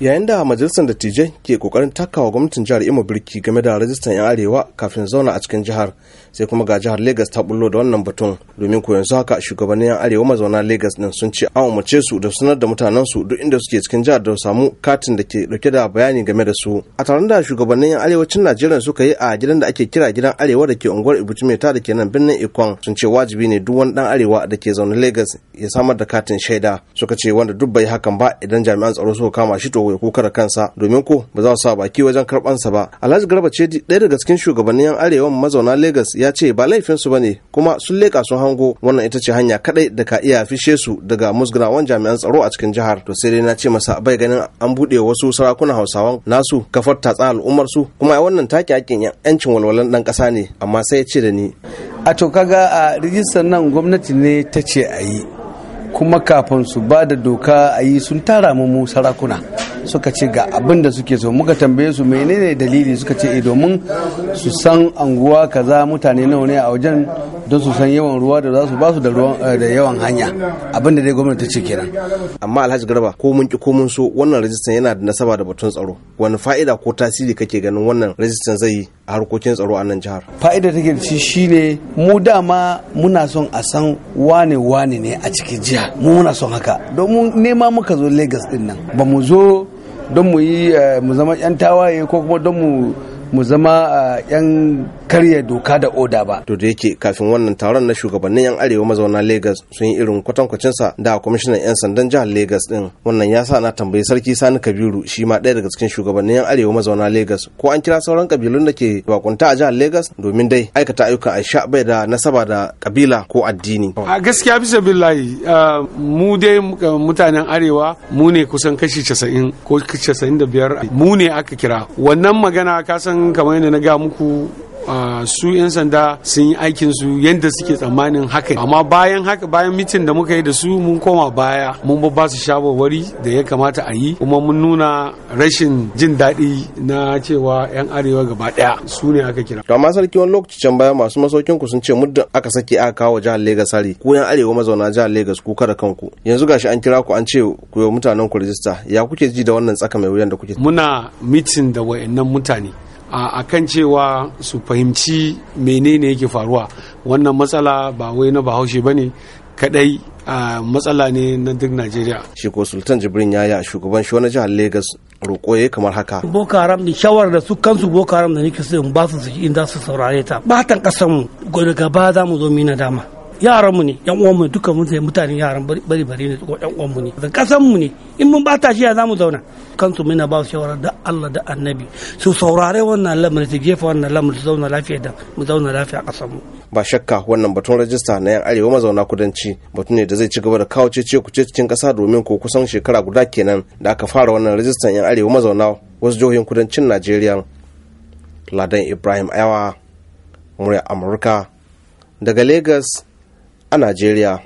yayin da majalisar dattijai ke kokarin takawa gwamnatin jihar imo birki game da rajistan yan arewa kafin zauna a cikin jihar sai kuma ga jihar lagos ta bullo da wannan batun domin ko yanzu haka shugabannin yan arewa mazauna lagos din sun ce an umarce su da sanar da mutanen su duk inda suke cikin jihar da samu katin da ke dauke da bayani game da su a taron da shugabannin yan arewacin najeriya suka yi a gidan da ake kira gidan arewa da ke unguwar ta da ke nan birnin ikon sun ce wajibi ne duk wani dan arewa da ke zaune lagos ya samar da katin shaida suka ce wanda duk bai hakan ba idan jami'an tsaro suka kama shi to saboda kokar kansa domin ko ba za su sa baki wajen karbansa ba alhaji garba ce ɗaya daga cikin shugabannin yan arewa mazauna lagos ya ce ba laifinsu ba ne kuma sun leƙa sun hango wannan ita ce hanya kaɗai da ka iya fishe su daga musgunawan jami'an tsaro a cikin jihar to sai dai na ce masa bai ganin an buɗe wasu sarakunan hausawan nasu kafar tatsa al'ummar su kuma wannan take hakkin yancin walwalan ɗan ƙasa ne amma sai ya ce da ni a to kaga a rijistar nan gwamnati ne ta ce a yi kuma kafin su ba da doka a yi sun tara mu sarakuna suka ce ga abin da suke so muka tambaye su menene dalili suka ce eh, domin su san anguwa kaza mutane nawa ne a wajen don su san yawan ruwa da za su ba su da eh, yawan hanya abin da dai gwamnati ce kenan amma alhaji garba ko mun ki ko mun so wannan rajistan yana da nasaba da batun tsaro wani fa'ida ko tasiri kake ganin wannan rajistan zai yi a harkokin tsaro a nan jihar fa'ida take da shi shine mu dama muna son a san wane wane ne a cikin jiha mu muna son haka domin nema muka zo Legas din nan ba mu zo don mu yi eh, mu zama 'yan tawaye ko kuma don mu zama 'yan eh, karya doka da oda ba. To da yake kafin wannan taron na shugabannin 'yan arewa mazauna Legas sun yi irin kwatankwacinsa da kwamishinan 'yan sandan jihar Legas din. Wannan ya sa na tambayi sarki Sani Kabiru shi ma ɗaya daga cikin shugabannin 'yan arewa mazauna Legas ko an kira sauran kabilun da ke bakunta a jihar Legas domin dai aikata ayyukan aisha bai da nasaba da kabila ko addini. A gaskiya bisa billahi uh, mu dai uh, mutanen arewa mu ne kusan kashi casa'in ko casa'in da biyar mu ne aka kira. Wannan magana kasan kamar yadda na ga muku su 'yan sanda sun yi aikin su yadda suke tsammanin haka amma bayan haka bayan mitin da muka yi da su mun koma baya mun ba su shawarwari da ya kamata a yi kuma mun nuna rashin jin daɗi na cewa 'yan arewa gaba ɗaya su ne aka kira. amma sarki wani lokaci can baya masu masaukin ku sun ce muddin aka sake aka kawo jihar Legas hari ku 'yan arewa mazauna jihar Legas ku kada kanku yanzu gashi an kira ku an ce ku yi mutanen ku rijista ya kuke ji da wannan tsaka mai wuyan da kuke. Muna mitin da wayannan mutane a kan cewa su fahimci menene yake faruwa wannan matsala ba wai na bahaushe ba ne kadai a matsala ne na duk najeriya shi ko sultan jibrin yaya shugaban shi wani jihar lagos roƙo ya kamar haka boko haram ne shawarar da su kansu boko haram da nake so in ba su in za su saurare ta batan kasar mu gaba za mu zo mina dama yaran mu ne yan uwan mu duka mun sai mutanen yaran bari bari ne ko yan uwan mu ne da kasan mu ne in mun bata shi ya zamu zauna kansu muna ba su shawara da Allah da Annabi su saurare wannan lamarin su jefa wannan lamarin su zauna lafiya da mu zauna lafiya kasan mu ba shakka wannan batun rajista na yan arewa mazauna kudanci batu ne da zai ci gaba da kawo cece cikin kasa domin ko kusan shekara guda kenan da aka fara wannan rajistan yan arewa mazauna wasu jihohin kudancin Najeriya Ladan Ibrahim Ayawa murya Amurka daga Lagos a Najeriya.